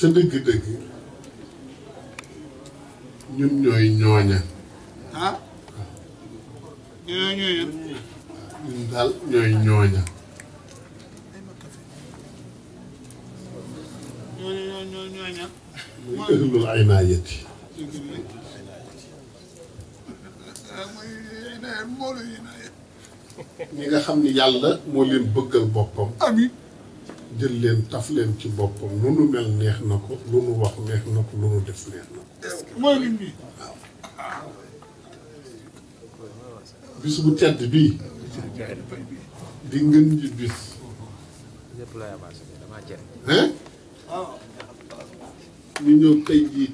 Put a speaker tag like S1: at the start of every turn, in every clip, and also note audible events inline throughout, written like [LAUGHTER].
S1: ca dëgg-dëgg ñun ñooy ñooña ah ñooy ñooña ñun daal ñooy ñooña muy ëllul ay naa yëti ñi nga xam ni yàlla moo leen bëggal boppam jël leen taf leen ci boppam lu nu mel neex na ko lu nu wax neex na ko lu nu def neex bi waaw. bis bu tedd bii. di ngeen ji bis. hein. ñu ñëw tey jii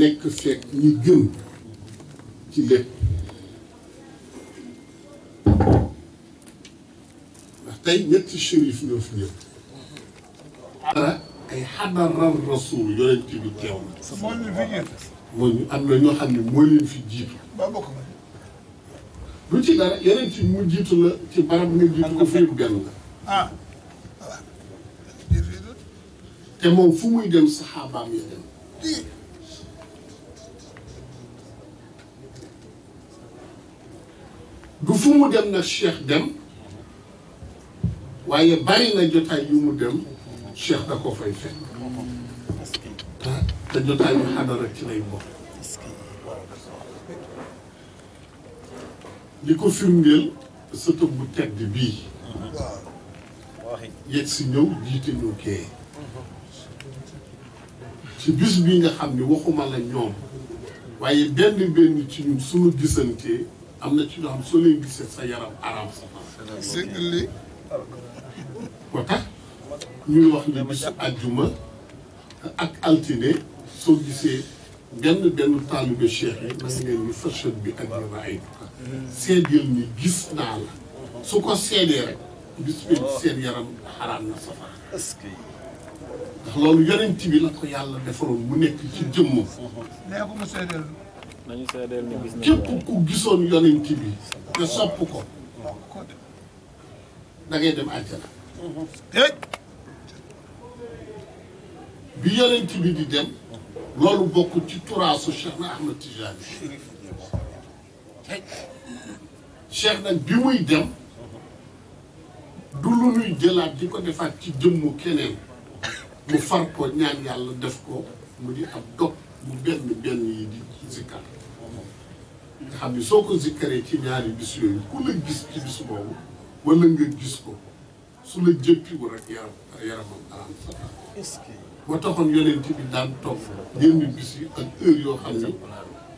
S1: nekk fekk ñu gën ci lépp. tey ñetti shérif ñoo fi ñëw dara ay xadaral rasul yonent bi teew na mooy ñu am na ñoo xam ne moo leen fi jiitu lu ci dara yonent bi mu jiitu la ci barab nga jiitu ko fépp gan la te moom fu muy dem saxaabaam ya dem du fu mu dem nag cheikh dem waaye bari na jotaay yu mu dem cheikh da ko fay fekk te jotaay yu xadara ci lay bokk li ko firndeel sëtu bu tedd bii yegg si ñëw jiite ñu kee ci bis bi nga xam ni waxuma la ñoom waaye benn benn ci ñun suñu gisantee am na ci ñoo xam soo leen gisee sa yaram araam sa moo tax ñuy wax ni bisu àjjuma ak altine soo gisee benn benn taalibe cheikh yi na ngeen ñu fashat bi ak ñu ay gis naa la su ko seedee bi seen yaram xaraam loolu yonent bi yàlla defaroon mu nekk ci jëmmam nee ko mu seedeel nañu seedeel ni képp ku gisoon yonent bi te sopp ko da ngay dem àjjana te mhm. eh? bi yonent bi di dem loolu bokk ci turaasu Cheikh na Ahmed Tijani eh? Cheikh nag bi muy dem du lu nuy jëlaat di ko defaat ci jëmmu keneen mu far ko ñaan yàlla def ko mu di am dog mu benn benn yi di zikkar mhm. nga xam ni soo ko zikkaree ci ñaari bis yooyu ku la gis ci bis boobu wala nga gis ko su la jëppiwu rek yaram yaramam daan fataa ba taxoon bi daan toog yenn bis yi ak heure yoo xam ne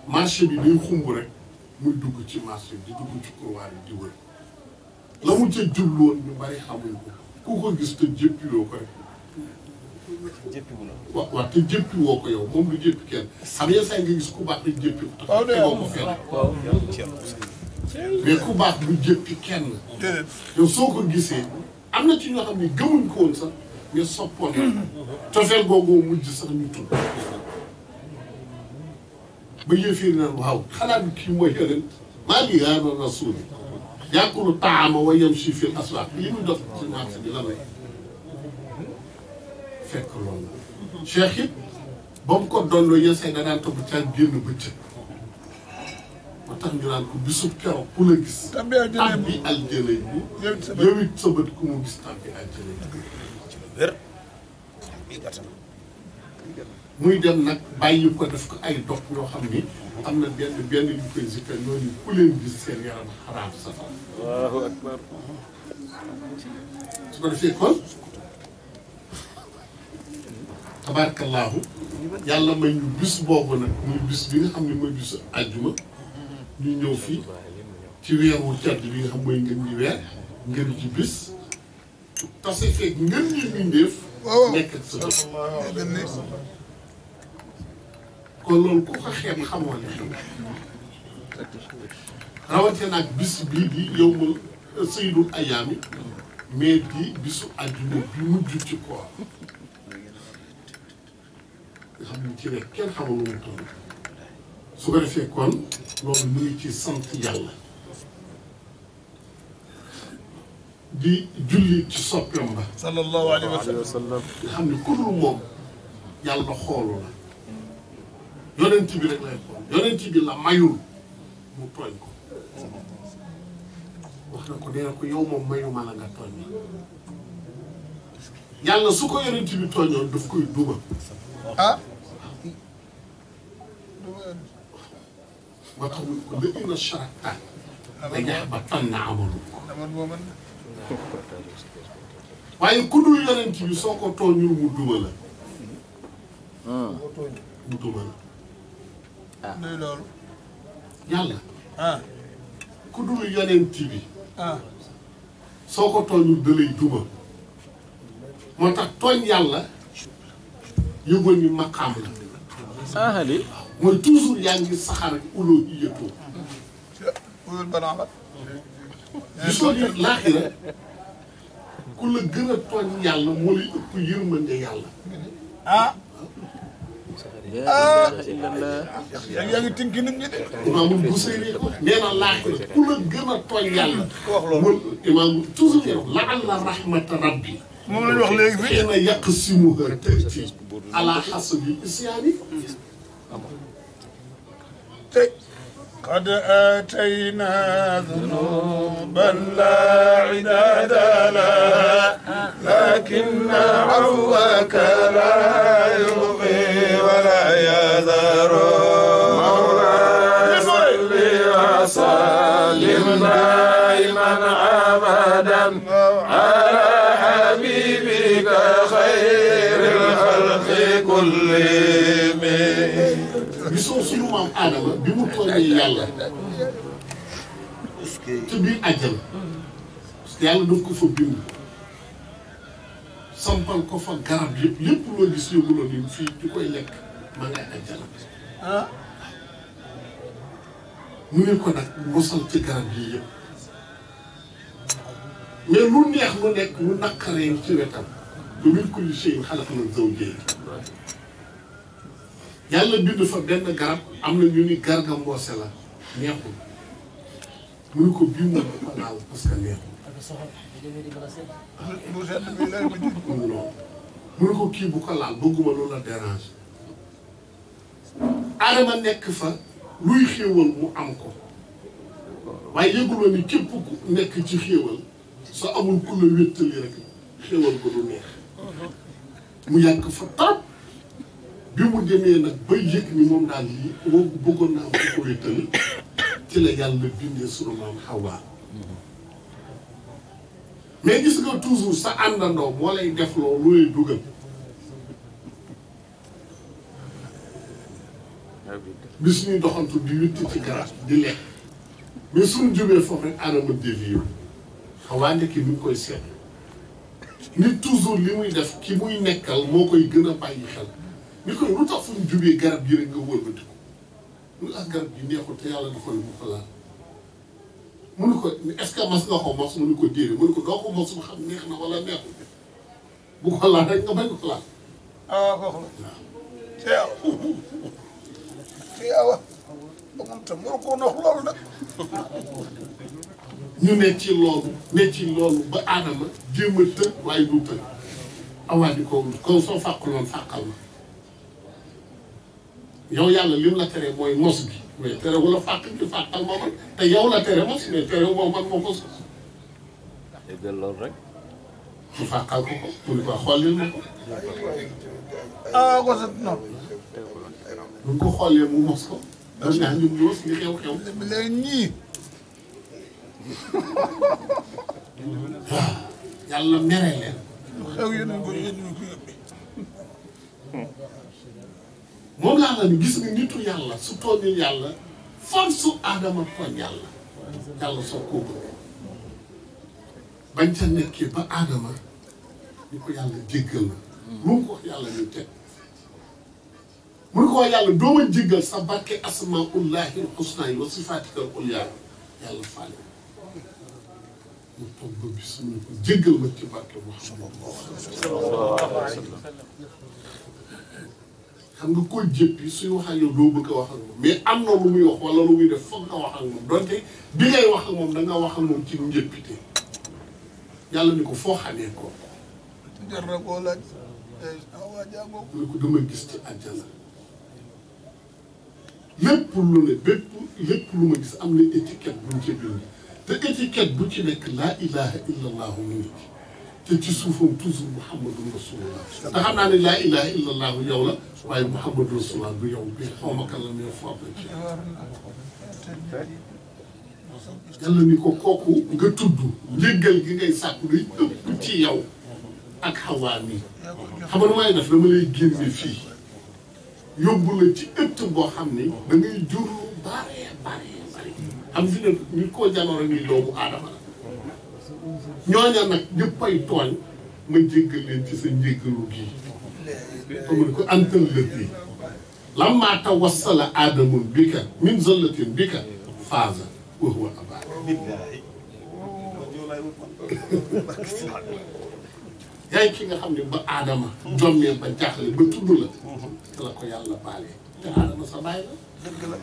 S1: marché bi day xumb rek muy dugg ci marché bi di dugg ci couloir yi di wër la mu ca jubloon ñu bari xamuñ ko ku ko gis te jëppiloo ko rek waaw waaw ko yow moom lu jëppi kenn xam nga saa nga gis ku baax te jëppi ko tax mais ku baax du jëppi kenn. yow soo ko gisee am na ci ñoo xam ni gëmuñ ko woon sax ñu soppoon la. cofeel googu mujj sax ñu tudd. ba yëfee naan waaw xalaat kii mooy yonent maa ngi yaakaar naa suul yàqulu taama wa yamshi fil aswaaq li muy dox ci marché bi la lay fekk loolu la. ba mu ko doon loo yesee da topp caa génn bëccëg. ba tax ñu ko bisub keroog ku la gis. tàbbi aljana ku mu gis tàbbi nag bàyyi ko def ko ay dox yoo xam ni am na benn benn yu koy zikkal seen yaram xaraam safar. waaw akbar. su ko defee yàlla may ñu bis boobu nag muy bis bi nga xam ne mooy bisu àjjuma. ñu ñëw fii ci weeru tedd bi nga xam mooy ngeen di weer ngeen ci bis tase feeg ngeen ñi mbindeef nekk sa dëkk kon loolu ku ko xeeb xamoo ne rawatee nag bis bii di yow ma euh, sëydul ayaami mais di bisu àdduna bi mujj ci koor nga xam ne ci rek kenn xamul lu mu toll su ko defee kon loolu ñu ci sant yàlla di julli ci soppeem ba. sallallahu alayhi wa sallam nga xam ne ku dul moom yàlla xoolu la yonent bi rek lay xool bi wax na ko nee na ko yow moom mayuma la nga tooñ yàlla su ko yonent bi tooñoon daf koy duba ah? وتملئن شركتك ليحبطن عملك waaye ku dul yonent bi soo ko tooñul mu duma la. mu duma la. ah loolu. yàlla. ah ku dul yonent bi. ah soo ko tooñul da lay você está tax tooñ yàlla yëgoon ñu maqaam la. ah mooy toujours yaa ngi saxaar ak uloo ji yëppoo. wuyul banaa la. gisoo nit laaxira ku la gën a tooñ yàlla moo lay ëpp yërmande yàlla. ah. ah. yaa ngi tënk nit ñi de. imaamul Buseyri ko nee na laaxira ku la gën a tooñ yàlla. wax loolu imaam toujours yow la alla rahmata rabbi. moom la ñu wax léegi fii. xëy na yàq si mu ala xasabi
S2: isyaani قد آتينا ذنوبا لا عداد لها لكن عفوك لا يبغي ولا يذر
S1: maam Adama bi mu tooñee yàlla ci biir àjjal yàlla daf ko fa bind sampal ko fa garab yëpp lépp loo gis yëguloo ni fii ci koy lekk ma ngay àjjal ah. mu ne ko nag mosal ci garab yi yëpp mais lu neex lu nekk lu naqaree ci wetam ba min kulli shay'in xalaqna zawjayn yàlla bind fa benn garab am na ñu ni garga la neexul mu ni ko bii moom du ko laal parce que neexul mu ni ko kii bu ko laal bëgguma loolu la nekk fa luy xéewal mu am ko waaye yëguloo ni képp nekk ci xéewal soo amul ku la wéttali rek xéewal ko du neex mu yàgg fa trop bi mu demee nag ba yëg ni moom daal lii woo bëggoon naa ko koy ci la yàlla bindee sunu maam Hawa mais gis nga toujours sa àndandoo moo lay def loolu lay dugal. bi suñuy doxantu di witti ci garab di lekk mais suñu jubee foofu rek aadama dévié Hawa ndekki ni mu koy seet nit toujours li muy def ki muy nekkal moo koy gën a bàyyi xel. ni ko lu tax fu ñu jubee garab gi rek nga wëlbati ko lu tax garab gi neexul te yàlla dafa ne bu ko laal mënu nga ko mos mënu ko mos mu nga ko laal.
S2: ah nga. ko nox loolu nag.
S1: ñu ne loolu ne loolu ba aadama jéem a tënk waaye du tënk. awaani ko kaw soo fàqaloon fàqal na. yow yàlla li mu la tere mooy mos bi mais tere wu la fàq bi fàqal ma man te yow la tere mos mais tere wu ma man moo ko ko mu ne ko xollil ma ko. ah wasa mu mos ko. dañ naa ñu mos ñu xew xew. léegi ñii. waaw yàlla mere leen. moom laa la ni gis nga nitu yàlla su tooñul yàlla force su aadama tooñ yàlla yàlla soo ko bañ ca nekkee ba aadama ñu ko yàlla jéggal na lu yàlla ñu teg mu ko wax yàlla doo ma jéggal sa barke asmaullahil yàlla faale mu toog ba bis mu ne ko jéggal ma ci barke Muhammad xam nga koo jéppi suy wax ak yow doo bëgg a wax ak moom mais am na lu muy wax wala lu muy def bi wax moom da wax ak moom ci njëppite yàlla ni ko foo xamee kooku. Eh, ah, gis ci àjjana lépp lu ne bépp lépp am na bu ci nekk laa ilaha illallah mu ngi تتسوفهم تزو محمد رسول الله تحنا لا إله إلا الله يولا وإن محمد رسول الله بيوم بيحوم كلم يفاضي كلم يكوكوكو نغتدو لغل جيني ساكولي بتي يو أك حواني حبان ما ينف لملي جيني في يوبولي تي اتبو حمني بني جورو
S3: باري باري باري
S1: أمزين ميكو جانوري ميلوم آدمان ñooña nag ñëppay tooñ ma jéggal leen ci sa njéggalu gii amul ko antal lëtt yi lammaa tawassala aadamun bika min zallatin bika faaza wa huwa abaak yaay ki nga xam ne ba aadama jommee ba jaaxle ba tudd la te la ko baale te aadama sa baay la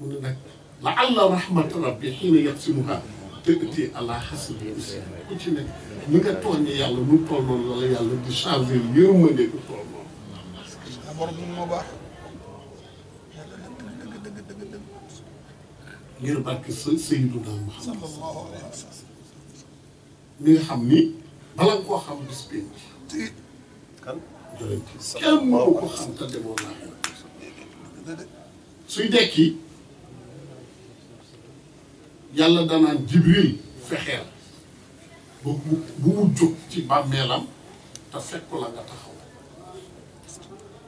S1: الله رحمة ربي حين يقسمها تأتي على حسب الإنسان من قطعنا يا الله نطلنا الله يا الله دي شعبين يرمني نطلنا أمرنا مباح غير باك سيدنا محمد صلى الله عليه وسلم من حمي بلا كو خام بسبين كان كان مو كو خام تدمو الله سيدكي yàlla danaan jibril fexeel bu bu mu jóg ci bàmmeelam te fekku la nga taxaw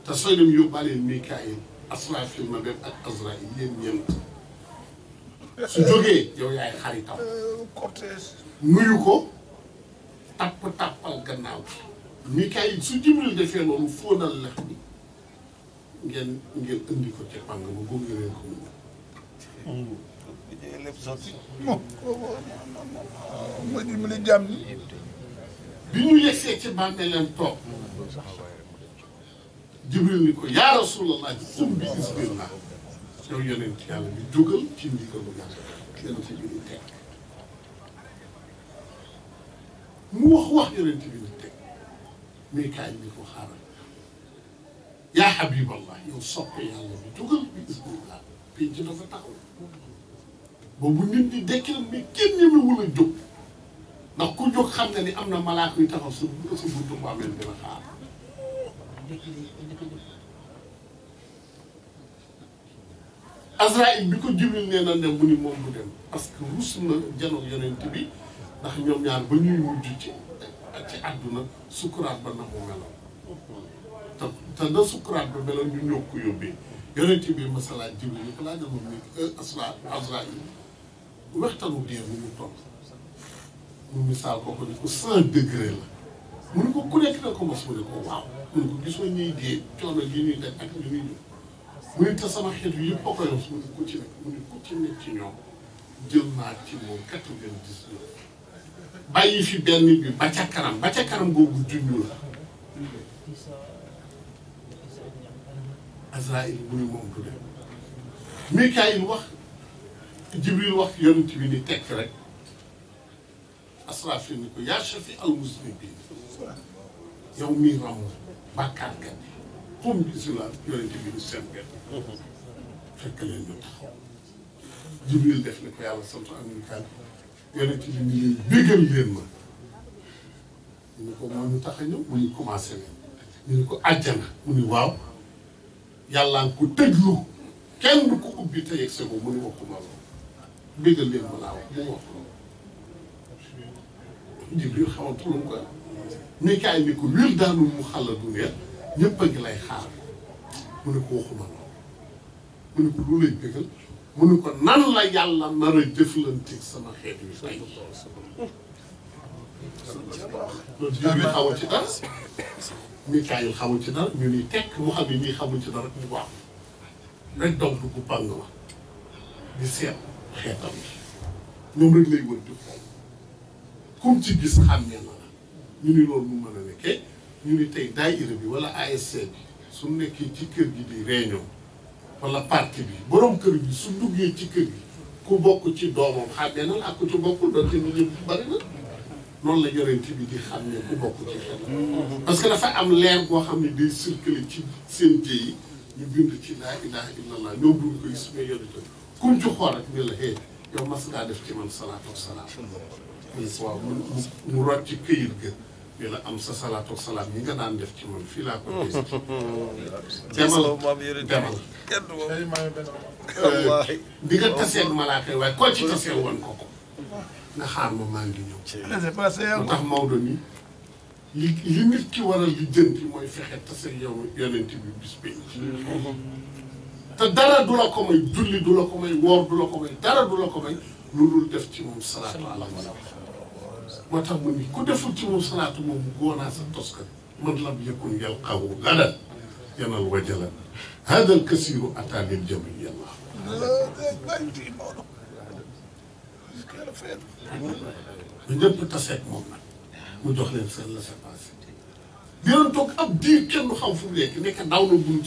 S1: te sooy dem yóbbaaleen mikaayil asrafil ma dem ak azrail yéen ñeent su jógee yow yaay xaritam nuyu ko tàpp tàppal gannaaw mikaayil su jibril defee loolu fóonal lex bi ngeen ngeen indi ko ci pàng ba góob ngeen ko mu liggéey lépp sotti
S3: moom ah,
S1: mooy dimbali jàmm ni ñu yegsee ci bàmmeelam toog Jibril ni ko yaa Rasulallah um bi isbir naa yow yonent yàlla bi jógal ci ndigalu yàlla mu wax wax yonent bi ni teg mais kaay ni ko xaaral yaa Habiballah yow soppe yàlla bi jógal bi isbir naa penc dafa taxaw boobu nit ñi dekkil mi kenn ñemewul a jóg ndax ku jóg xam ne ni am na malaaka yu taxaw sa sa buntu bàmmeel dina xaar Azraïl bi ko Jibril nee na ne mu ni moom bu dem parce que rus na janoog yonent bi ndax ñoom ñaar ba ñuy mujj ci ci àdduna sukuraat ba na mu meloon te te na sukuraat ba meloon ñu ñoo ko yóbbee yonent bi masalaat Jibril ñu ko laajal moom ni eh, Azraïl waxtaanu dee mu mu toll mu misaal ko ko ni ko cent degré la mu ne ko ku nekk ko mos mu ne ko waaw mu ne ko gisoo ñuy dee coono yi ñuy def ak li ñuy ñëw mu ne te sama yu yëpp a ko yor mu ne ku ci mu ne ku ci nekk ci ñoom jël naa ci moom quatre-vingt-dix-neuf bàyyi fi bi ba ca kanam ba ca kanam boobu junj la Azraïl mu ne moom du dem Mikaïl wax jibril wax yonent bi ni tekk rek asraf ni ko yaa shafi al muslimin yow mii ràmm bàkkaarkat yi xom bi si la yonent bi ni seen benn fekk leen ñu taxaw jibril def ni ko yàlla sant américain yonent bi ni leen bégal leen ma ñu ko moo ñu tax a ñëw mu ñu ko àjjana mu ni waaw yàllaan ko tëjlu kenn du ubbi te se ko mu ni waxuma la bégal leen ko laa wax mu wax ko Jibril xamantu lu ko Mikaayil ni ko wér a lay xaar mu ne ko waxuma lu lay bégal mu ne ko nan la yàlla nar a jëflanteeg sama xeet wi tey loolu Jibril xamu ci dara Mikaayil xamu ci dara ñu ni tekk mu xam ne nii xamu ci dara rek mu baax rek donc bu bàng la di seet xeetam la ñoom rek lay wër di ci gis xàmmee na la ñu ni loolu mu mën a nekkee ñu ni tey daayira bi wala ASC bi su nekkee ci kër gi di réunion wala parti bi borom kër gi su duggee ci kër gi ku bokk ci doomam xàmmee na la ak ku ci bokkul doonte ñu jëm ci bari na noonu la yorenti bi di xàmmee ku bokk ci xel mm-hmm. parce que dafa am leer goo xam ne day circuler ci seen jëy yi ñu bind ci laa ilaha illallah ñoom duñ ko gis mais yonente kuñ ci xool rek ni la hey yow mas ngaa def ci man salaatu salaam. waaw mu am sa salaatu salaam yi nga daan def ci man fii laa ko gis.
S3: [LAUGHS] demal
S1: demal.
S2: Eh, di nga taseel malaaka waaye koo ci taseel woon ko
S1: ko. nga xaar ma maa ngi ñëw. mu tax Maodo nii. li li ci ki waral li jënd mooy fexe tase yow yonent bi bis bi. Mm-hmm. تدرى دولا دولي دولا كومي وار دولا كومي تدرى دولا كومي لولو دف تي موم صلاة الله ما تعلمي كده فوتي موم صلاة موم قوانا ستوسك مطلب يكون يلقاه غدا ينا الوجلا هذا الكسير أتى للجميع الله بدون تسعد موم مدخلين سلسلة سباسي بيرن توك أبدي كم خوف ليك نيك داونو بنت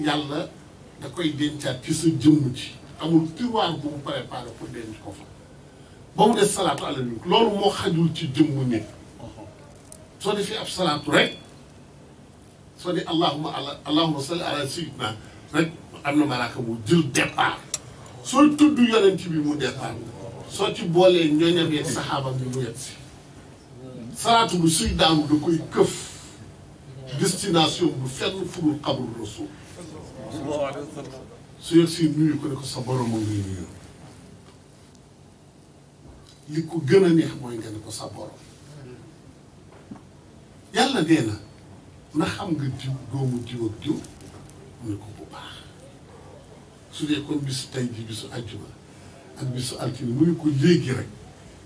S1: yàlla da koy dencaat ci sa jëmm ci amul tiroir bu mu préparé pour denc ko fa ba mu des salaatu ala loolu moo xajul ci jëmm nit soo defee ab salaatu rek soo di allahuma ala allahuma salli ala rek am na malaaka bu jël départ soo tudd yonent bi mu départ soo ci boolee ñooñam yeeg bi mu yet si salaatu bu suy daanu da koy këf destination bu fenn furul xabrul rasul sallallahu alayhi wa sallam su yegg si nuyu ko ne ko sa borom a ngi nuyu li ko gën a neex mooy nga ne ko sa borom yàlla nee na na xam nga diw doomu diw ak diw mu ne ko bu baax su dee kon bisu tey ji bisu àjjuma ak bisu altine mu ne ko léegi rek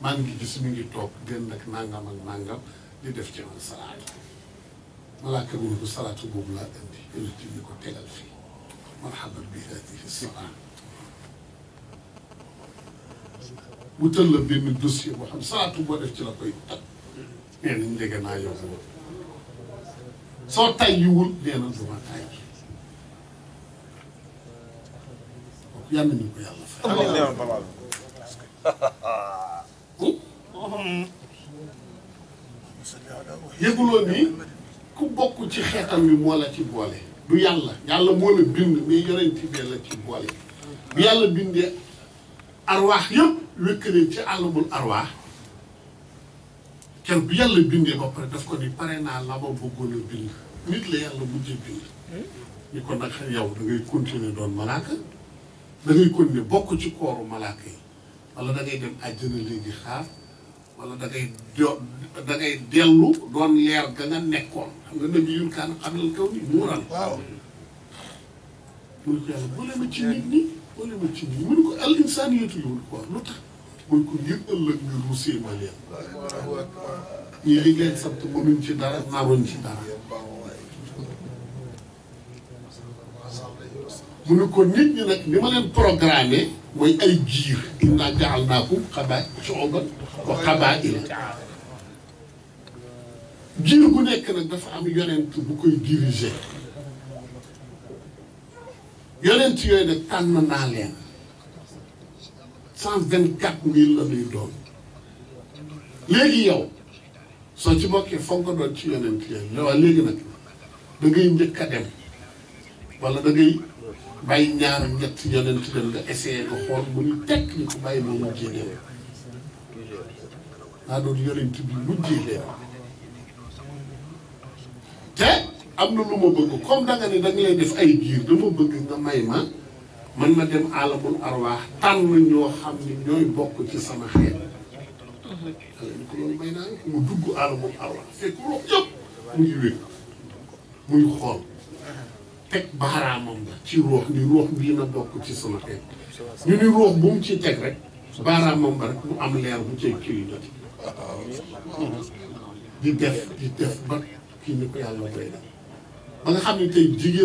S1: maa ngi gis mi ngi toog gën ak nangam ak nangam di def ci man salaatu malaaka mu ne ko salaatu boobu laa indi yonent bi ne ko tegal fii مرحبا بهذه الصلاة وتلبي من دوسي ابو حمصات وبدا تلبي يعني ندق انا يا ابو صوت يقول لنا زوما تاي يا من يقول يلا يقولوني كبوكو تي خيتام مي مولا تي بوله du yàlla yàlla moo la bind mais yonent bi la ci boole bu yàlla bindee arwaax yëpp wékkaleen ci àllamul arwaax kenn bu yàlla bindee ba pare daf ko ni pare naa la ma bëggoon a bind nit la yàlla mujjee bind ni ko nag yow da ngay doon malaaka da ngay bokk ci kooru malaaka yi wala da ngay dem àjjana léegi xaar wala da ngay jo dellu doon leer ga nga nekkoon xam nga nabi yun kaan xam nal kaw ni muuran waaw mun yàlla ko al insaan yoon lu tax mun ko ngir ëllëg ñu ruusee ma leen ñii li ngeen sant mënuñ ci dara naaruñ ci dara mu ne ko nit ñi nag li ma leen programmé mooy ay giir inna ja'alnaakum xabaa shu'uban wa qabaa'ila giir bu nekk nag dafa am yonent bu koy diriger yonent yooyu nag tànn naa leen cent vingt quatre mille la ñuy doon léegi yow soo ci bokkee foog nga doon ci yonent yooyu waaw léegi nag da ngay a dem wala da bàyyi ñaar ak ñett yonent bi nga essayé ko xool bu ñu tek ni ko bàyyi moo mujjee léew bi mujjee léew na lu ma bëgg comme danga ne def ay jiir dama bëgg nga may ma man ma dem alamul arwaax tànn ñoo xam ne ñooy bokk ci sama xeet mu dugg alamul arwaax fekk rox yëpp muy wér muy xool teg baaraamam la ci ruux ni ruux bii na bokk ci sama teg ñu ni ruux bu mu ci teg rek baaraamam ba rek mu am leer bu cay kilidati di def di def ba kii ni ko yàlla ba xam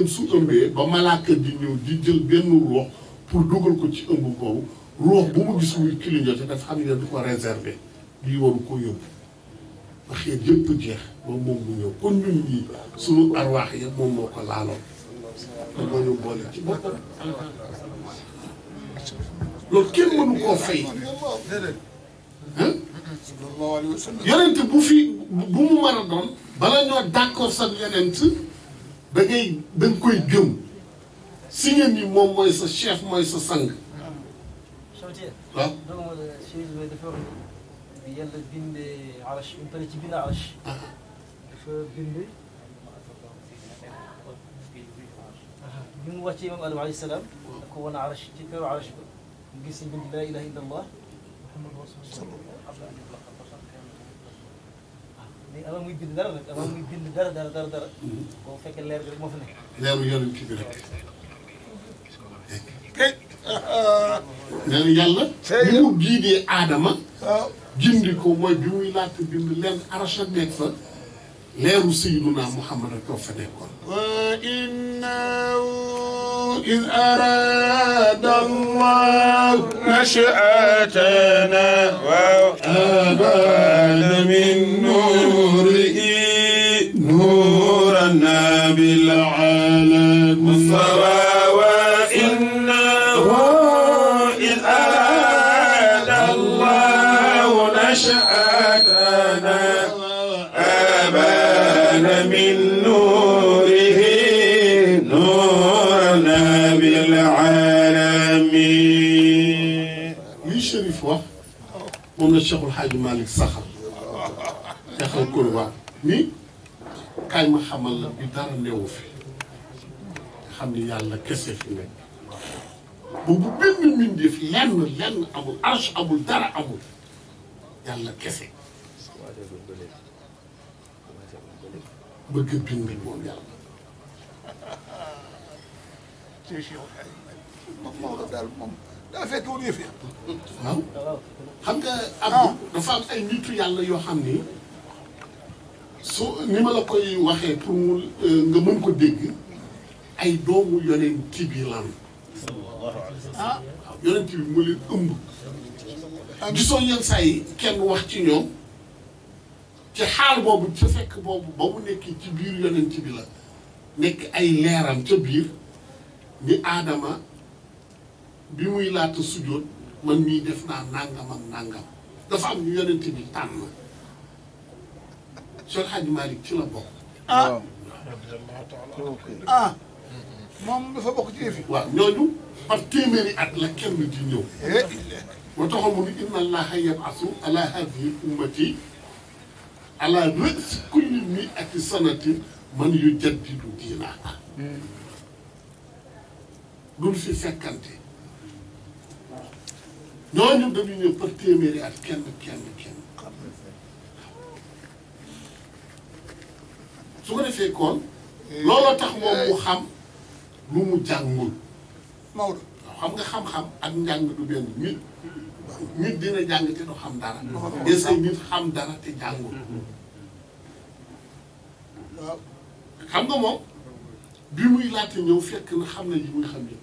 S1: su ëmbee ba malaaka di ñëw di jël benn ruux pour dugal ko ci ëmb boobu ruux bu mu gis muy clignoté dafa xam ne du ko réservé di waru ko yóbbu ba xeet yëpp jeex moom mu ñëw kon ñun ñii suñu arwaax yëpp moom moo ko laaloon moo ñu boole ci kenn mënu koo fay yonent bu fi bu mu mën bala ñoo d'accord sax yonent da ngay koy gëm si ngeen ni moom mooy sa chef mooy sa sang
S4: bi mu wàccee imam Adama alayhi salaam da ko wan arash ci kaw arash ba mu gis si bind laa ilaha illa allah ah, mais avant muy bind dara nag avant muy bind dara dara dara dara boo fekkee leer bi rek moo fa nekk
S1: leeru yonent bi rek nee na yàlla bi mu giidee aadama gindi ah. ko mooy bi muy laata bind leen arash a nekk fa leeru sayyiduna
S2: Muhammad doo fa nekkoon. wa innahu iz arada Allahu nashaatana wa abana min nuurihi nuuran bil aalamiin moom la
S1: Cheikhul Hadji Malick saxal yaxal kurba ni kaay ma xamal la bi dara newu fi xam ni yàlla kese fi nekk boobu benn mbindeef lenn lenn amul arsh amul dara amul yàlla kese bëgg bind moom yàlla moom daal moom daa fekk woon yëf ya waaw xam nga am ah. dafa am ay nitu yàlla yoo xam ni su ni ma la koy waxee pour mu euh, nga mën ko dégg ay doomu yonent bi lan ah waaw yonent bi moo leen ëmb gisoo yenn saa yi kenn wax ci ñoom ci xaal boobu ca fekk boobu ba mu nekk ci biir yonent bi la nekk ay leeram ca biir ni aadama bi muy laata sujjóot man mii def naa nàngam ak nàngam dafa am ñu yonent bi tànn Cheikh Hadji Malick ci la bokk ah. ah moom dafa bokk ci yëf waaw ñooñu par téeméeri la kenn di ñëw eh. moo taxoon mu ni inna allaha yabasu ala hadihi ummati ala rësi kulli miati sanatin man yu jaddidu diinaa hmm. dul fi fekkante ñooñu dañu ñëw par téeméeri at kenn kenn kenn su ko defee kon looloo tax moom mu xam lu mu jàngul Maodo xam nga xam-xam ak njàng du benn nit nit dina jàng te du xam dara est-ce que nit xam dara te jàngul xam nga moom bi muy laata ñëw fekk na xam na yi muy xam yëpp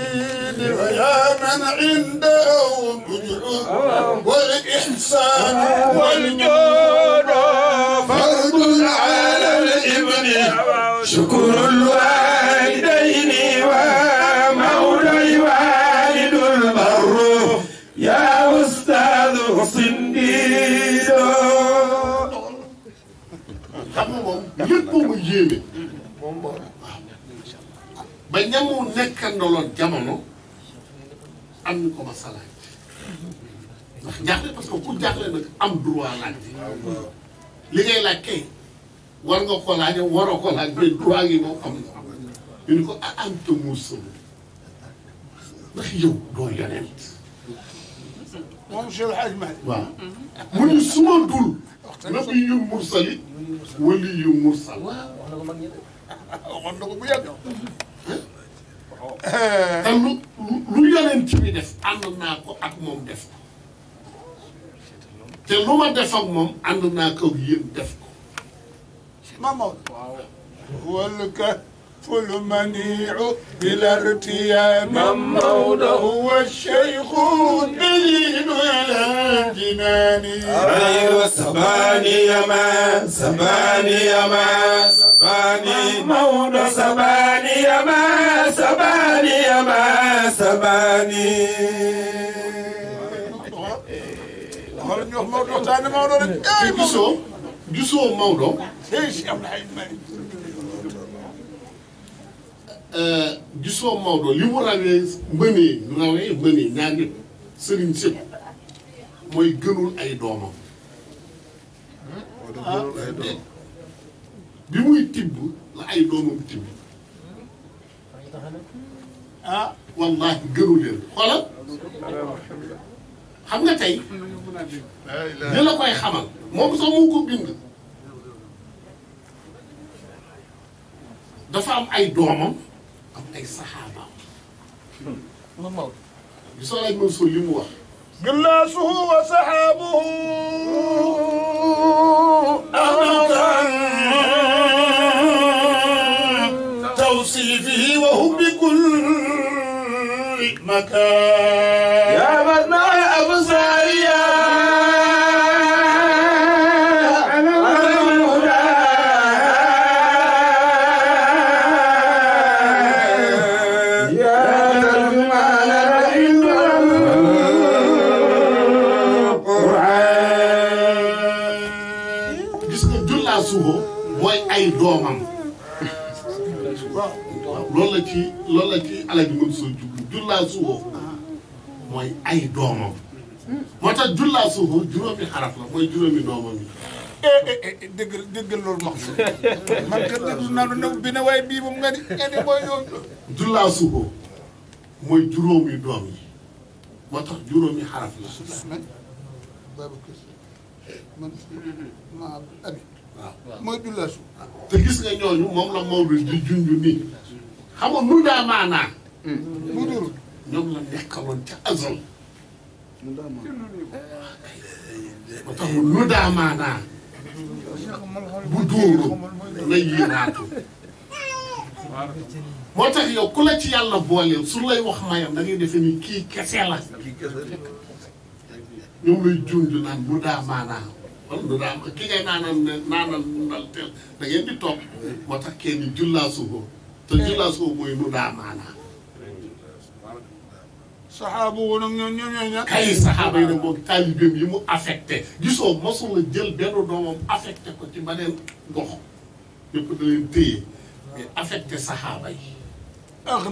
S2: ويا من عنده بدعه والإحسان والجود فرض على الابن شكر الوالدين ومولاي والد البر يا أستاذ صنديد
S1: xam nga moom lépp mu yéeme ba ñamu nekkandoloon jamono am ñu ko ma ndax jaaxle parce que ku jaaxle nag am droit laaj li ngay war nga ko laaj waroo ko laaj mais droit yi moom am na ñu ni ko a ah, anta mursalu ndax yow doo yonent moom Cheikh El Hadj Malick waaw mu ni suma mursal waxoon na ko bu yàgg [COUGHS] te lu lu yonent bi def ànd naa ko ak moom def ko te lu ma def ak moom ànd naa ko yéen def ko.
S2: maman. waaw wàllu ka. المنيع إلى ارتياب من مولى هو الشيخ الدليل إلى الجنان غير سباني ما سباني ما سباني مولى سباني ما سباني ما سباني Mawdo rek ay Mawdo gisoo gisoo Mawdo ay
S1: Cheikh Abdoulaye Malick gisoo Maodo li mu rawee mbënee rawee mbënee ñaar ñëpp sëriñ si mooy gënul ay doomam bi muy tibb la ay doomam tibb ah wallahi gënu leen xoolal xam nga tey li la koy xamal moom sax moo ko bind dafa am ay doomam am ay saxaabaam. ma Maodo. gisoo El Hadj Mansour li mu wax.
S2: gilaasu wa saxaabuhu. amakaan. tawsiifihi wa hubbi kulli makaan.
S1: jullaasuhu mooy ay doomam moo tax jullaasuhu juróomi xaraf la mooy juróomi doomam yi eh, eh, eh, dégg déggal loolu wax man ka déglu naa lu ne waaye bii moom nga di ene mooy yoon jullaasuhu mooy juróomi doom yi moo tax juróomi xaraf la waaw mooy jullaasu te gis nga ñooñu moom la Maodo di junj nii xam nga mu daa ñoom la nekkaloon ca azal ba tax mu lu daamaanaa bu
S2: dóoru
S3: na yiiraatu
S1: moo tax yow ku la ci yàlla booleel su lay wax mayam da ngay defe ni kii kese la ñoom lay junj naan lu daamaanaa wala lu daam ki ngay naanal ne naanal ndal teel da ngeen di topp moo tax kenn jullaa suufoo te jullaa suufoo mooy lu daamaanaa saxaaba woon ak ñoom ñoom ay saxaaba yi nag moom taalibeem yi mu affecté gisoo mosul la jël benn doomam affecte ko ci beneen gox yëpp da leen téye mais affecté saxaaba yi.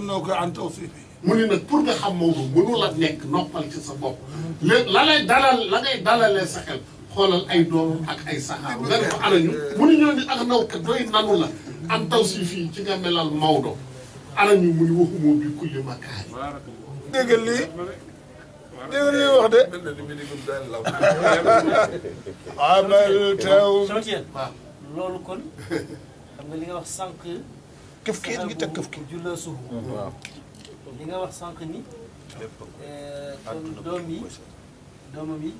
S1: noo ko an tawfiq mu ne nag pour nga xam Maodo mënul a nekk noppal ci sa bopp. léegi la lay la ngay dalalee sa xel xoolal ay doomam ak ay saxaaba. nga ne ko anañu mu ne ñoo ak naw ka doy nanu la am taw si fii ci nga melal Maodo anañu mu ne waxumoo bi kulli makaari
S2: dégg lii dégg lii wax de. amal ah,
S4: taw. loolu kon xam nga li nga wax sànq. këf kii ngi teg këf kii. julla suuf li nga wax sànq ni. Eh, kon doom yi doomam yi.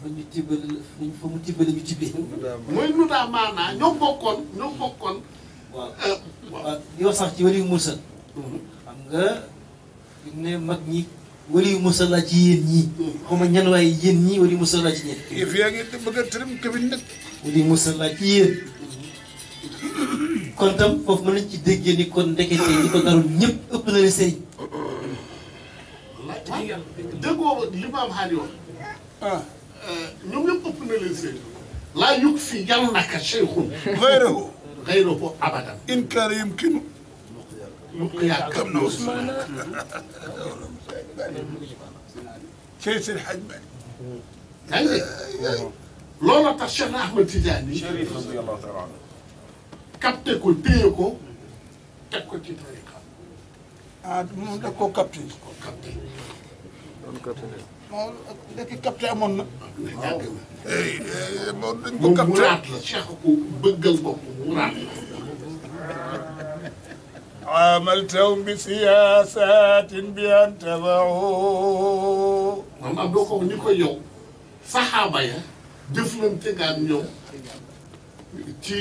S4: fa ñu tibbale fa mu tibbale ñu tibbee. mooy
S1: nu daa maanaa bokkoon ñoo bokkoon.
S4: waaw li eh, wax sax ci wàllu mursal xam nga ne mag ñi waliyu musalla ci yéen ñii xaw ma ñan waaye yéen ñii waliyu musalla ci ñeen yëf yaa ngi bëgg a tërëm ci kon tam foofu mën nañ ci déggee ni kon ndekete ñi ko darul ñëpp ëpp na la ah.
S1: eh, sëriñ laa yug fi yàlla naka cheikhun xayrahu xayrahu abadan in kaana yumkinu
S4: يعقبنا يعني وصلنا
S1: كيس الحج مالك يعني لولا الشيخ احمد تجاني شريف رضي الله تعالى عنه كابتن كل بيكو تكو تي طريقه عاد مو داكو كابتن كابتن moom dëkk capté amoon na. waaw moom dañ ko capté moom wuraat la Cheikh ku bëggal bopp
S2: wuraat la. عاملتهم بسياسات بأن تبعوا
S1: maam Abdou Xaw ni ko yow saxaaba ya jëflante nga ak ñoom ci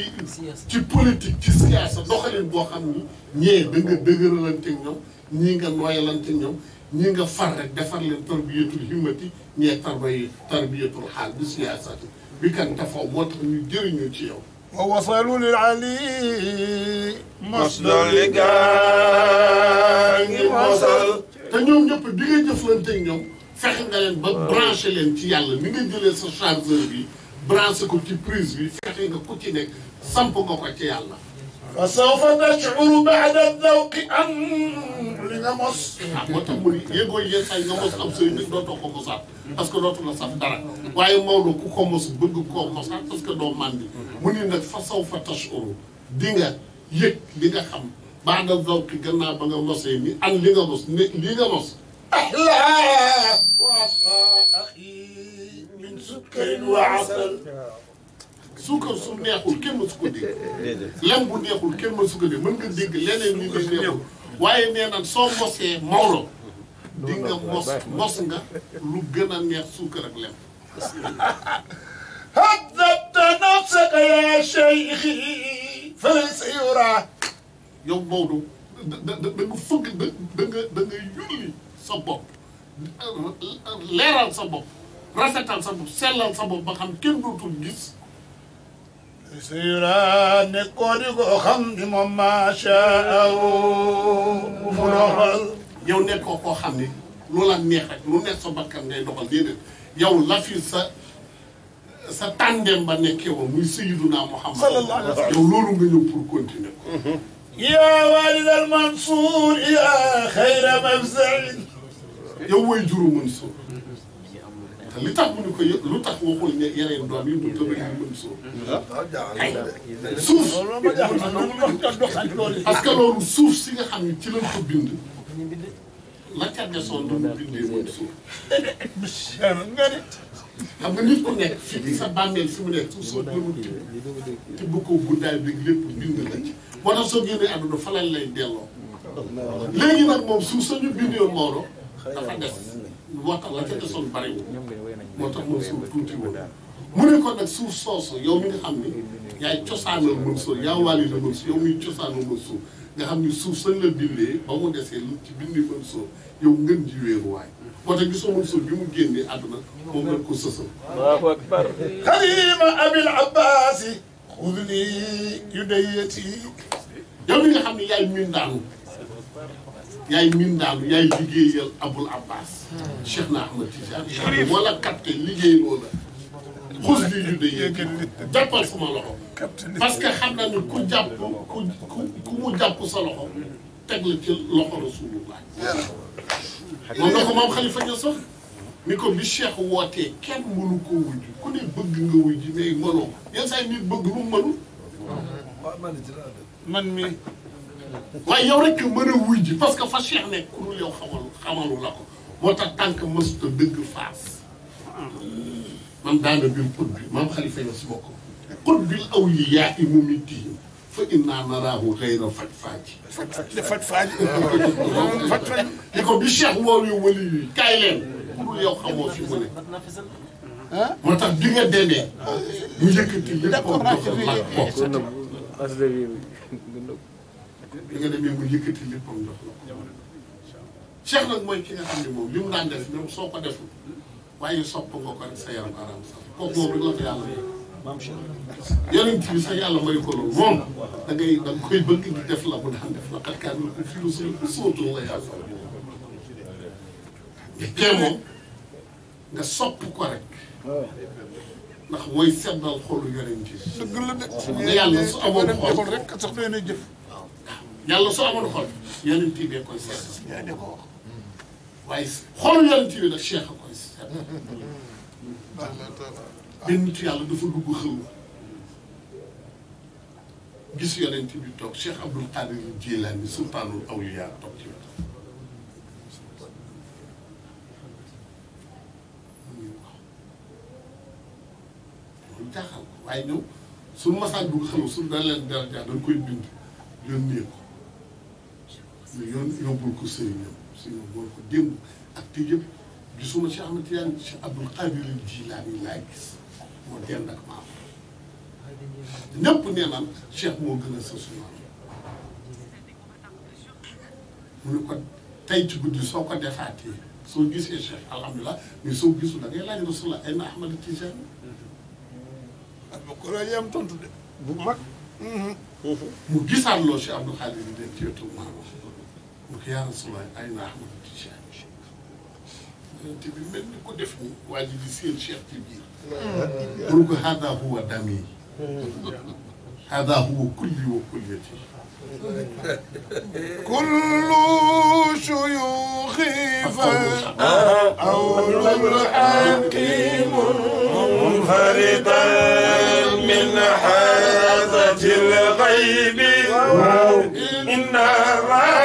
S1: ci politique ci siyaasa doxalin boo xam ni ñee da nga dëgëralante ñoom ñii nga nooyalante ñoom ñi nga far rek defar leen tarbiyatul himmati ñee tarbiyatul xaal bi siyaasati bi kan tafaw moo tax ñu jëriñu ci yow
S2: ووصلوا للعلي مصدر
S1: لقاء وصل te ñoom ñëpp bi nga jëflanteeg ñoom fexe nga leen ba branché leen ci yàlla ni nga jëlee sa chargeur bi branché ko ci prise bi fexe nga ku ci nekk samp nga ko ci yàlla. fa sawfa tash'uru ba'da dawqi am li nga mos. ah moo tax mu ne yéegoo nga mos am sooy nit dootoo ko mosaat. parce que dootu la saf dara. waaye Maodo ku ko mos bëgg koo mosaat parce doo màndi. mu ni nag fa saw fa tashuru di nga yëg li nga xam baax na zawqi gannaaw ba nga mosee ni an li nga mos ni li nga mos أحلى
S2: وأصفى أخي من سكر وعسل
S1: suukar su neexul kenn mësu ko
S3: dégg
S1: lem bu neexul kenn mësu ko dégg mën nga dégg leneen ni muy neexul waaye nee na soo mosee Maodo
S3: di nga mos mos
S1: nga lu gën a neex suukar ak lem
S2: نفسك
S1: يا شيخي فسيرى يوم مولو daga fëgg da danga da nga yulli sa bopp leeral sa bopp rafetal sa bopp sellal sa bopp ba xam kenn dootul gis
S2: سيرا نكوريكو خم دي ماما شاء
S1: فلوخال يو نكو خم دي لولا نيخ لو نيخ سو بكام ngay doxal déedéet yow la fi sa sa tàndeem ba nekkee woon muy Sayyiduna Muhammad sallallahu yow loolu nga ñëw pour continuer ko
S2: al Mansour yaa xayra mafzain
S1: yow woy juru Mansour li tax mu ne lu tax waxul ne yeneen doom yi mu tëbëri Mansour suuf parce que loolu suuf si nga xam ne ci lañ ko bind la ca desoon dañu bindee Mansour [LAUGHS] xam nga nit ko nekk fii sa bàmmeel fi mu nekk suuf soo gënul te bu ko guddaay bi lépp bind la ci. boo tax soo génnee àdduna falal lay delloo. léegi nag moom suuf soo ñu bindee Maodo dafa des moo tax la ca desoon bariwul moo tax moom suuf tuuti woon. mu ne ko nag suuf soosu yow mi nga xam ni yaay cosaanal Mansour yaa wàlli la Mansour yow miy suuf sañ la bindee ba mu desee lu ci bindi Mansour yow ngën di wéeruwaay côté bi soxna Sow bi mu génnee àdduna moom lañ ko sësal.
S2: Allahu akbar. xalima
S1: abil abbaasi. xul nii yu dayati. yow mi nga xam ne yaay miin daanu yaay miin daanu yaay liggéeyal abul abbas. Cheikh na Ahmad Tijaan. wala capté liggéey loola. xus li yu dayati jàppal sama loxo. parce que xam na ne ku jàpp ku ku mu jàpp sa loxo. teg la ci loxo rasulullah moom na maam xalifa ña sax ni ko bi cheikh wootee kenn mënu ko wuj ku ne bëgg nga wuj ji mais mënoo yenn saa bëgg lu mënul man mi waaye yow rek mën a wuj ji parce que fa cheikh nekk ku dul yow xamalu xamalu la ko moo tax tànk mësuta faas man daana bil xut bi maam xalifa ña si bokk xut bil awliyaa i moom it fa innaa naraahu xayra faj faj faj faaj. [LAUGHS] ko bi Cheikh woowu yu wëli yi kaay leen pour yow xamoo fi mu ne. ah tax bi nga demee. mu yëkkati lépp koo nga demee mu yëkkati lépp koo jox la ko. Cheikh mooy ki nga xam ne soo ko deful waaye sopp nga ko sa yaram araam sax kooku moom rek la yonent bi sax yàlla may ko loolu moom da ngay da nga koy bëgg di def la bu daan def la xar kaanu fi lu sëy sóotul la yàlla njëkkee moom nga sopp ko rek ndax mooy seddal xolu yonent yi. dëgg la de yàlla su amoon xol rek sax doy na jëf. yàlla su amoon xol yonent yi bee koy seet. waaye xolu yonent yi nag cheikh a koy seet. benn nit yàlla dafa dugg xëwa gis yonent bi toog Cheikh Abdul Qadir Jilaani sultaanul awliyaa
S3: toog ci wetu loolu jaaxal
S1: ko waaye ñëw suñu masaan dugg xëwa suñu daan leen dañ koy bind yónnee ko yoon yóbbul ko sëriñam suñu boor ko démb ak te yëpp gisuma Cheikh Ahmad Tijaan Cheikh Abdul Qadir Jilaani laa gis moo dend ak maam ñëpp nee naan Cheikh moo gën a sa suñu mu ne ko tey ci guddi soo ko defaatee soo gisee Cheikh alhamdulilah mais soo gisul da ngay laaj Rasulullah ay na Ahmad Tijaan
S3: uhum.
S1: ak ba ko loolu é yam tontu de bu mag uhum. uhum. mu gisaat loo Cheikh Abdou Khalid di dem ci wetu maam mu ko Rasulullah ay na Ahmad Tijaan yonent bi mel ni ko def ni waa ji di seen cheikh ci biir mun ko hada huwa dami
S3: hada huwa
S1: kulli wa kulliyati
S2: كل شيوخي فالأول الحكيم منفردا من حاجة الغيب إنما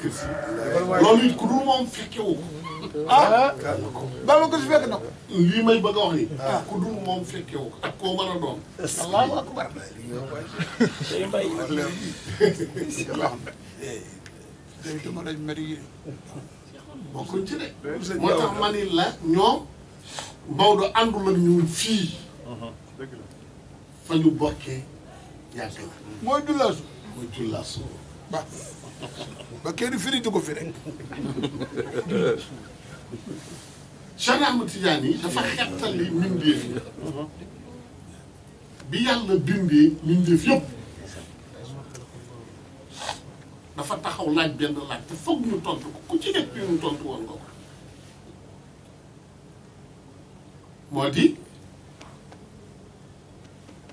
S1: kër si loolu it ku dul moom fekke wu ko ah bala ko si fekk na ko lii may bëgg a wax ni ku dul moom fekke wu ko ak koo mën a doon allahu akbar mbay day dama daj mari yi bokkuñ ci de moo tax ma ni la ñoom Maodo àndul ak ñun fii fa ñu bokkee yàgg la mooy dullaasu mooy dullaasu ba ba kenn firiti ko fi rek Cheikh Ahmad Tidiane yi dafa xettali mbindeef yi bi yàlla bindee mbindeef yëpp dafa taxaw laaj benn laaj te foog ñu tontu ko ku ci nekk bi ñu tontu woon ko ko moo di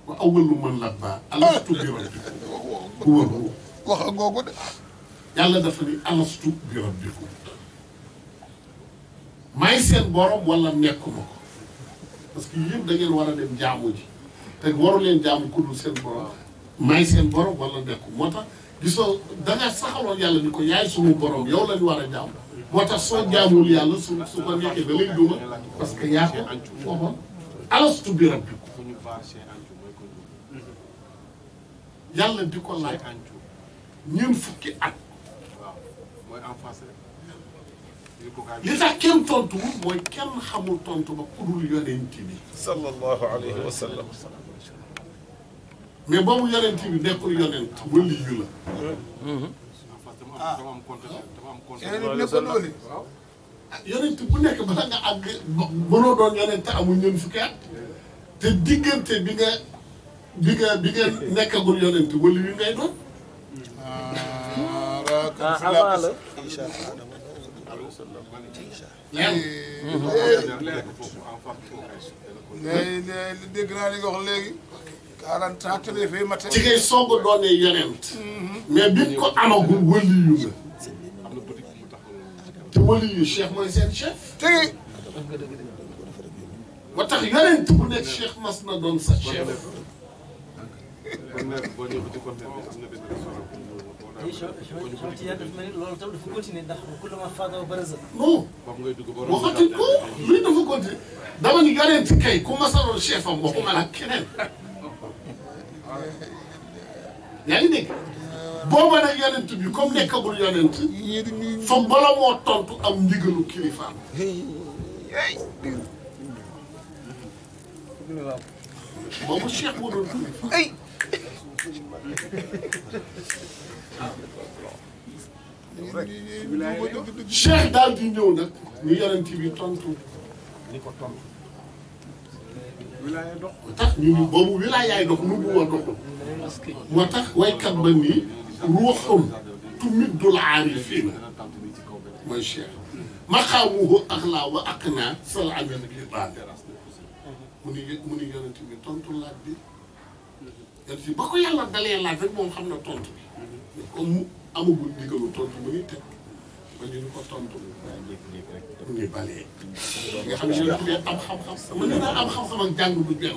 S1: wa awwalu man labbaa alastu bi rabbikum wax ak googu de yàlla dafa ni alastu bi rabbikum may seen borom wala nekkuma ko parce que yëpp da war a dem jaamu ji te waru leen jaamu ku dul seen borom may seen borom wala nekku moo tax gisoo danga saxaloon yàlla ni ko yaay suñu borom yow la ñu war a jaamu moo tax soo jaamul yàlla su su ko nekkee da lay duma parce que yaa ko waxoon alastu bi rabbikum yàlla di ko laaj ñun fukki at mooy en face rek. li tax kenn tontuwul mooy kenn xamul tontu ba ku dul yonent bi.
S2: sallallahu alayhi wa sallam.
S1: mais boobu yonent bi nekkul yonent wali yu la. ah yonent nekkul loolu. yonent bu nekk bala nga àgg mënoo doon yonent amul ñun fukki at te diggante bi nga bi nga bi nga nekkagul yonent wala yu ngay doon. ah avant la incha
S3: allah.
S1: li dégg naa li nga wax léegi. 40 ans te dafay matal. ci ngay soog a doonee yonent. mais bi ko amagul waliyu la. te waliyu cheikh mooy seen chef. tey. ba tax yonent bu nekk cheikh mas na doon sa chef.
S4: waxati ko luy dafa continué dama ni garanti kay ku
S1: masaroon chef am waxuma la keneen yaa ngi dégg booba nag yonent bi comme nekkagul yonent fa bala moo tontu am ndigalu kilifaam boobu cheikh
S3: moo doon kilifa
S1: cheikh daal di ñëw nag ñu yonent bi tontu ni ko tontu. wilaaya dox moo tax ñu boobu wilaayaay dox nu bu wa doxul. moo tax waykat ba nii ruuxam tumiddul aarifiina mooy cheikh. maqaamuhu axlaa wa aqnaa sal amin bi baan mu ni mu ni yonent bi tontu laaj bi. et puis ba ko yàlla dalee laaj rek moom xam na tontu bi comme mu amagul ndigalu tontu ba ñuy teg ba ñu ko tontu mu ngi balee nga xam ne ñu tuddee am xam-xam mën na am xam-xam ak jàng bu benn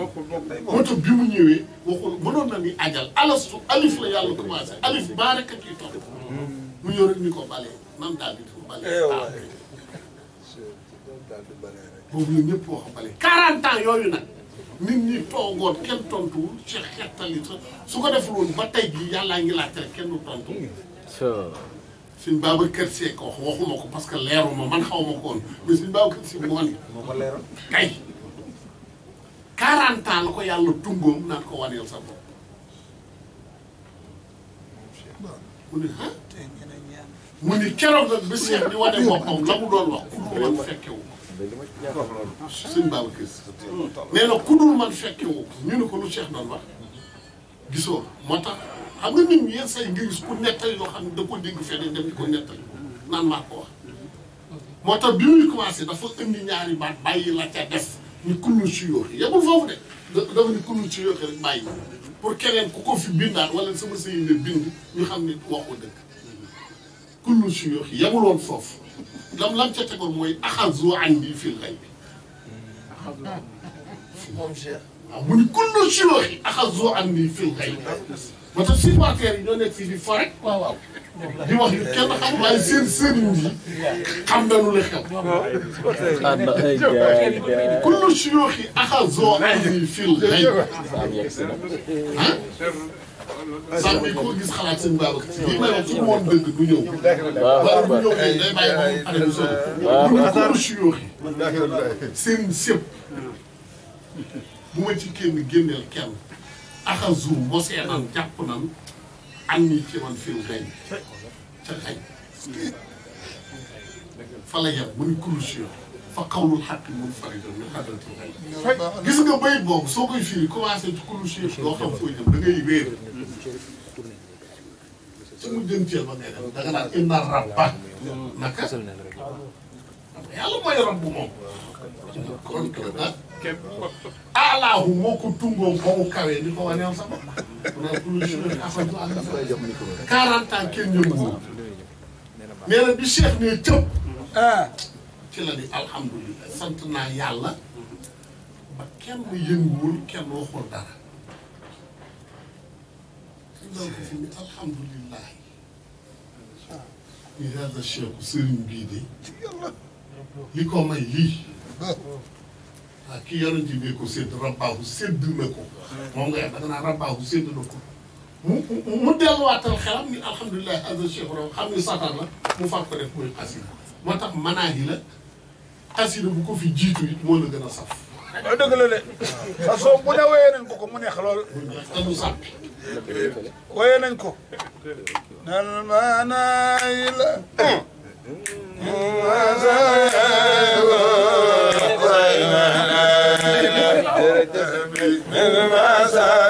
S1: moo tax bi mu ñëwee waxul mënoon na ni ajal alastu alif la yàlla commencé alif baa rek a ciy topp hmm. mu ñëw rek ñu ko balee man daal di ko balee eh boobu la ñëpp wax balee quarante ans yooyu nag nit ñi toogoon kenn tontuwul Cheikh xettali sa su ko deful woon ba tey jii yàllaa ngi laajte rek kenn du tontu. suñ Babacar Sy ko wax waxuma ko parce que leeru ma man xaw ma ko woon mais suñ Babacar Sy moo ne. moo ko kay. 40 la ko yàlla tungoom naan ko waneel sa bopp. mu ne ah. mu ne keroog nag ba Cheikh di wane boppam la mu doon wax ku dul woon sëñ Babacar nee na ku man fekke que ñu ne ko fazer Cheikh doon wax gisoo moo tax xam nga nit ñi yenn say nga gis ku nettali yoo xam ne da ko dégg feneen dem di ko nettali naan maa ko wax moo des ni kullu si yooxi yegul foofu de dafa ni kullu si yooxi rek bàyyi pour keneen ku ko fi bindaat wala sama sëy ne bind ñu xam ne waxu dëgg kullu si yooxi yegul لم لم تتقول موي اخذوا عندي في الغيب من كل شيوخي اخذوا عني في الغيب ما تفسير ما كان يدون في فرق دي واحد كان خم ما يصير
S3: سني
S1: خم ده نقول كل شيوخي اخذوا عني في الغيب [LAUGHS] sànq bi ko gis xalaat seen baaba lii may wax su ma woon dëgg du ñëw. waaw bu ñëw day bàyyi ba mu année solo. waaw waaw bu ko suyoo seen sëpp bu ma ci kenn génneel kenn axazu mosee nan jàpp nan àndi ci man fil gañ ca xañ fa la yem mu ni kurusio fa xawlul xàq mun farida mun xaddalti xañ gis nga bayit boobu soo koy firi commencé ci kurusio doo xam fooy jëm da ngay réer su mu jëm Thiel ba ngay dem inna rabba naka yàlla mooy rabbu moom. kon que alaahu moo ko tungoo ba mu kawee ni ko wane woon sama. ndax pour kenn ñëw ko. nee bi Cheikh nee cëpp. ci la ni alhamdulilah sant naa yàlla. ba kenn yënguwul kenn waxul dara. donc fi mu ne alhamdulilah waaw. ñu yàlla Cheikh Serigne bii de li ko may lii ah ki yonent bi ko sédd rabbaahu sédd na ko moom nga yàgg rabbaahu sédd na ko
S3: mu mu
S1: delluwaatal xelam ni alhamdulilah la mu fàgg ko def muy xasida moo tax manaa yi la fi jiitu it moo la saf. waaw dëgg la de façon bu ne
S2: wéyee nañ ko ko mu neex lool wéyee nañ ko nan maanaay la maanaay la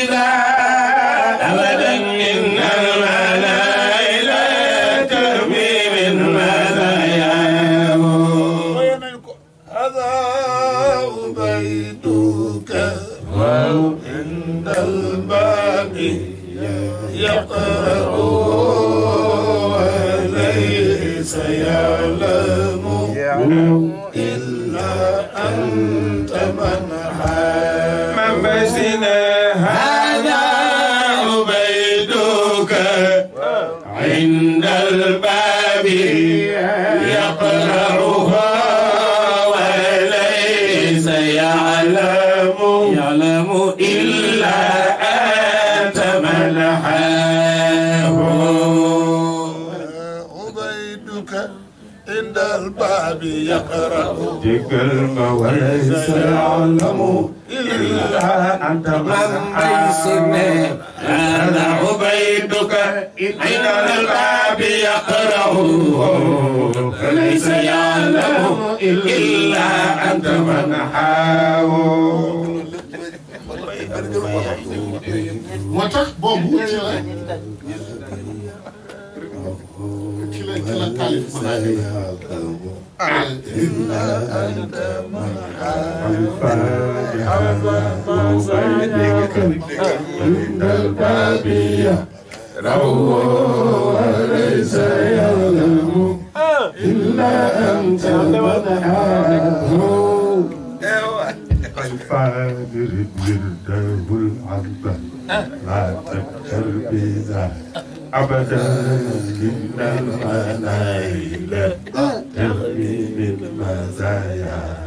S2: vida. ليس يعلم إلا أنت من حاول بالدرب العذبة لا تبتل بنا أبدا إلا المنايل تغني بالمزايا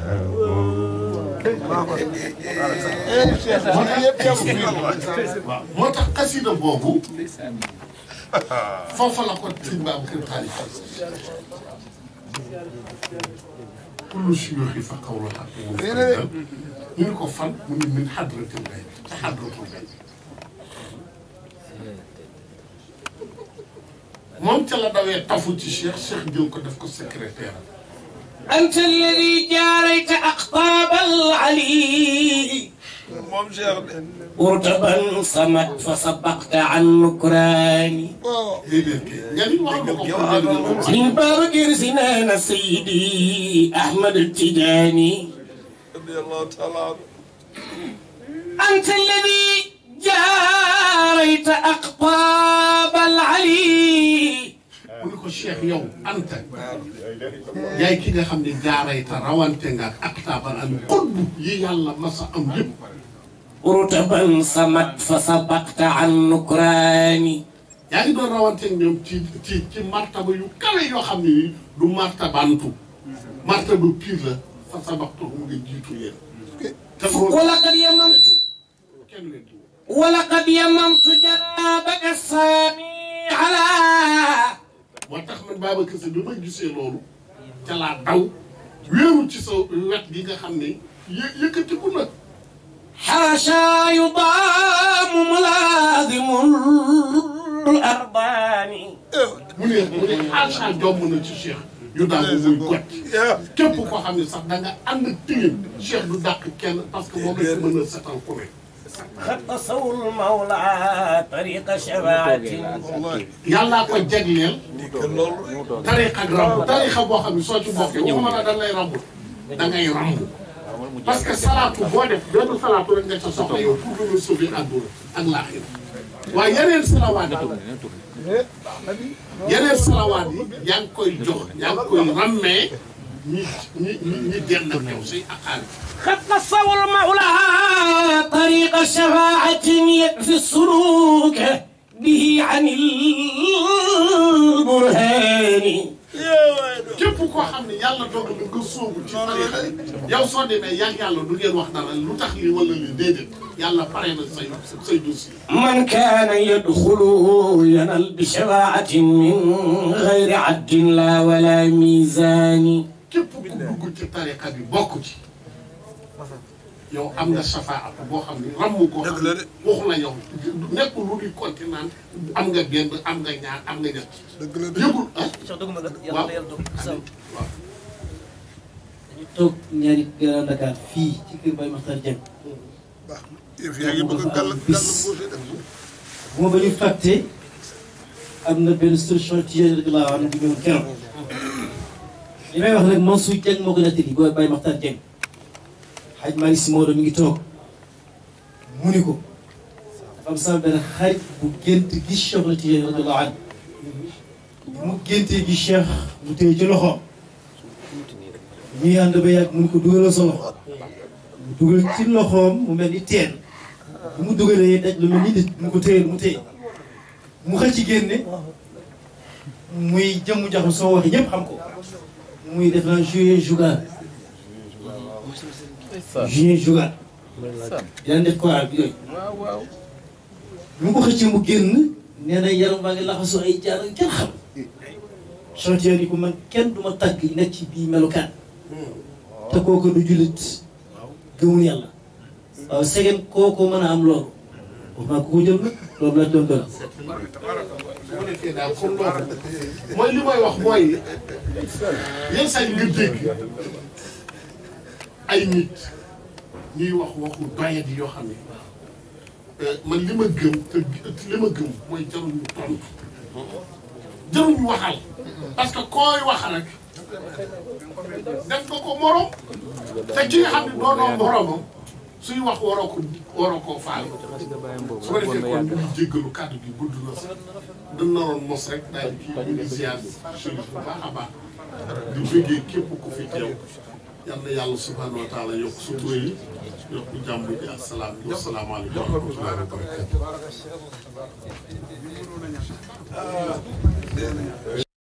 S1: moo tax xasida boobu foofa la ko sëñ Babacar Taalif كل شيء يخيف قول الحق
S3: هناك فن من من
S1: حضرة البيت حضرة البيت مم تلا ده يتفوت الشيخ شيخ ديوكو دفكو سكرتيرا
S2: أنت الذي جاريت أقطاب العلي
S4: ورتبا صمت فصبقت عن نكراني من برقر سنان
S2: سيدي أحمد التجاني أنت الذي جاريت أقطاب العلي
S1: mu ne ko Cheikh yow Anta yaay ki nga xam ne jaaray ta rawante nga ak taabal al qutb yi yàlla masa am yëpp. urtaban fa sabaqta an nukraani. yaa ngi doon rawante ñoom yu xam ne nii du martabantu martaba piir la fa sabaqtu mu ngi jiitu yéen. moo tax man Babacar Sy bi may gisee loolu ca laa daw wéeru ci sa wet gi nga xam ne yë yëkkatiku na
S2: xaasha yudaamu mulaazimul
S1: arbaani mu ne mu ne xaasha jomb na ci Cheikh yu daal muy gott képp koo xam ne sax da nga ànd ak tëye Cheikh du dàq kenn parce que moom rek mën a setal ku ne
S2: xat asawul mawla tariqa shafaat
S1: yàllaa ko jagleel
S3: tariqa ramb tariqa boo xam ne soo ci bokk ñu mën a
S1: da ngay ramb que salaatu boo def salaatu rek ca soxla yow pour lu ñu sauver ak laaxira waaye yeneen salawaat yi yeneen salawaat koy jox yaa koy ràmmee
S2: خطنا الصور ما لها طريق شفاعة يكفي السلوك به عن البرهان
S4: من كان يدخله ينال بشفاعة من غير عد لا ولا ميزان képp ku dugg ci tariqa bi bokk ci yow am nga
S1: safaa boo xam ne ramm koo xam ne waxu am nga benn
S4: am nga ñaar am nga ñett dëgg la ma la yàlla na yàlla dog saw dañu toog ñaari Grand Dakar fii ci kër Baye Makhtar Dieng baax ba ñu fàtte am na benn solution ci yéen rek laa wax ne bu ñëwoon keroog li may wax nag Mansour a xaj Malick Sy Maodo ngi toog mu ni ko dafa am sama benn mu géntee gi Cheikh mu téye ci loxo ñuy ko dugalal sa loxo mu dugal ci loxoom mu mel ni teen bu mu dugalee daj mu ko téyel mu téye mu xëcc soo waxee ñëpp xam ko muy def naan juillet jugaat. juillet jugaat. daan def quoi ak yooyu. bu mu ko xëccee mu génn nee yaram baa ngi laxasu ay jaar kenn xam. chantier yi ko man kenn du ma tàgg nekk ci bii melukaan. Hmm. te kooku du jullit. gëmul yàlla. Hmm. waaw segeen kooku mën a am loolu. wax naa ko ko jël nag loolu laa ci doon
S1: dara. mooy li may wax mooy yenn saa yi nga dégg ay nit ñuy wax waxu bàyyi di yoo xam ne euh, man li ma gëm te li ma gëm mooy jarul ñu tontu jarul ñu waxal parce que kooy wax rek def nga ko morom te ki nga xam ne doonoo moromam. suy wax waroo ko su ko defee kon jéggalu kàddu gi gudd na sax dañ naroon mos rek daal di kii initial chérif bu baax a baax di bëggee képp ku fi teew yal yàlla subhanahu wa yokk sutura yi yokk jàmm bi
S3: salaam wa salaamaaleykum wa rahmatullahi wa barakatuh